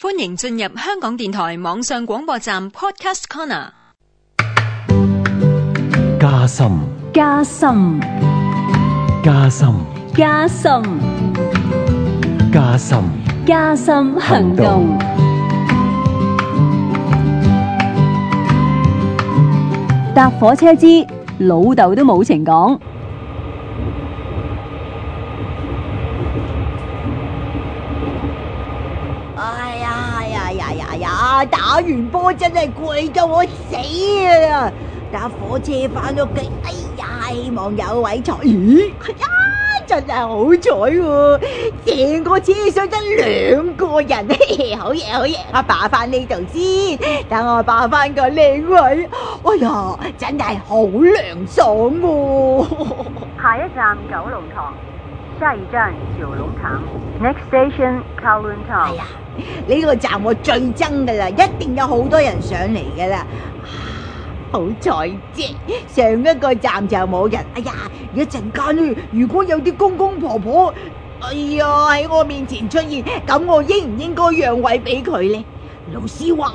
歡迎進入香港電台網上廣播站 Podcast Corner。加深，加深，加深，加深，加深，加深行動。行動。搭火車之老豆都冇情講。打完波真係攰到我死啊！搭火車翻屋企哎呀，希望有位坐。咦，係呀，真係好彩喎！成個車廂得兩個人，呵呵好嘢，好嘢！我霸翻呢度先，等我霸翻個靚位。哎呀，真係好涼爽啊。呵呵，下一站九龍塘。下一站，九龍塘。Next station，九龍塘。哎呀，呢、這個站我最憎噶啦，一定有好多人上嚟噶啦。好彩啫，上一個站就冇人。哎呀，一陣間咧，如果有啲公公婆婆，哎呀喺我面前出現，咁我應唔應該讓位俾佢咧？老師話：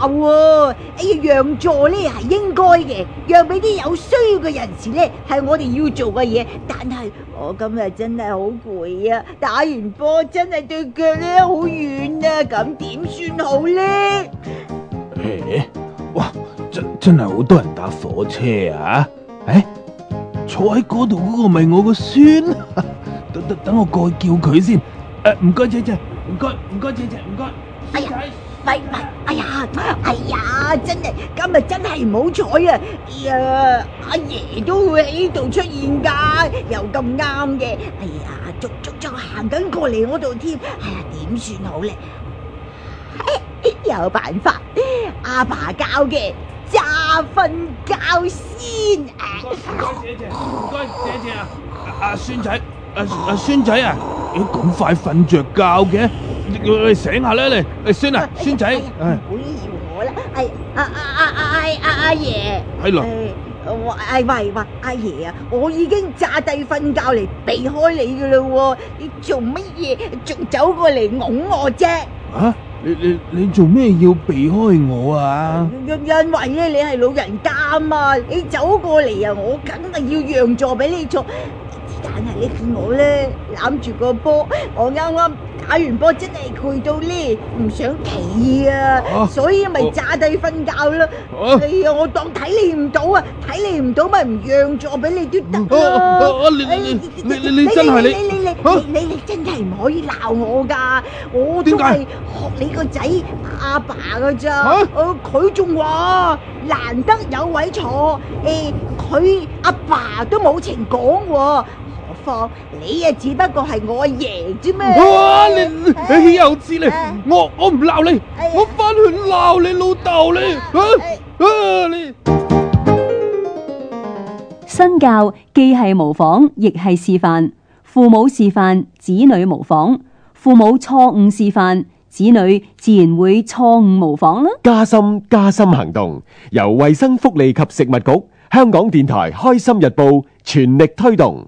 哎呀，讓座咧係應該嘅，讓俾啲有需要嘅人士咧係我哋要做嘅嘢。但係我今日真係好攰啊，打完波真係對腳咧好軟啊，咁點算好咧？誒、哎，哇，真真係好多人搭火車啊！誒、哎，坐喺嗰度嗰個咪我個孫，等等等我過去叫佢先。誒、呃，唔該姐姐，唔該唔該姐姐，唔該。哎呀，拜咪真係唔好彩啊！啊，阿爺都會喺度出現噶，又咁啱嘅。哎呀，足足仲行緊過嚟我度添，哎呀，點算好咧？有辦法，阿爸教嘅，詐瞓覺先。唔該，謝謝，唔該，謝謝啊！阿孫仔，阿阿孫仔啊，要咁快瞓著覺嘅，醒下啦，你，阿孫啊，孫仔。我咧，阿阿阿阿阿阿阿爺，誒，我阿喂喂阿爺啊，我已經詐低瞓覺嚟避開你噶咯喎，你做乜嘢仲走過嚟拱我啫？吓，你你你做咩要避開我啊？因為咧，你係老人家啊嘛，你走過嚟啊，我梗係要讓座俾你坐，但係你見我咧攬住個波，我啱啱。打完波真係攰到叻，唔想企啊，所以咪詐諦瞓覺咯。係啊我、欸，我當睇你唔到啊，睇你唔到咪唔讓座俾你都得咯。你你你你你你你你你真係唔可以鬧我噶，我都係學你個仔阿爸噶咋。佢仲話難得有位坐，誒、欸，佢阿爸都冇情講，啊。你啊，只不過係我贏啫咩？你你幼稚咧，我我唔鬧你，我翻去鬧你老豆你你。身教既係模仿，亦係示範。父母示範，子女模仿；父母錯誤示範，子女自然會錯誤模仿啦。加深加深行動，由衛生福利及食物局、香港電台、開心日報全力推動。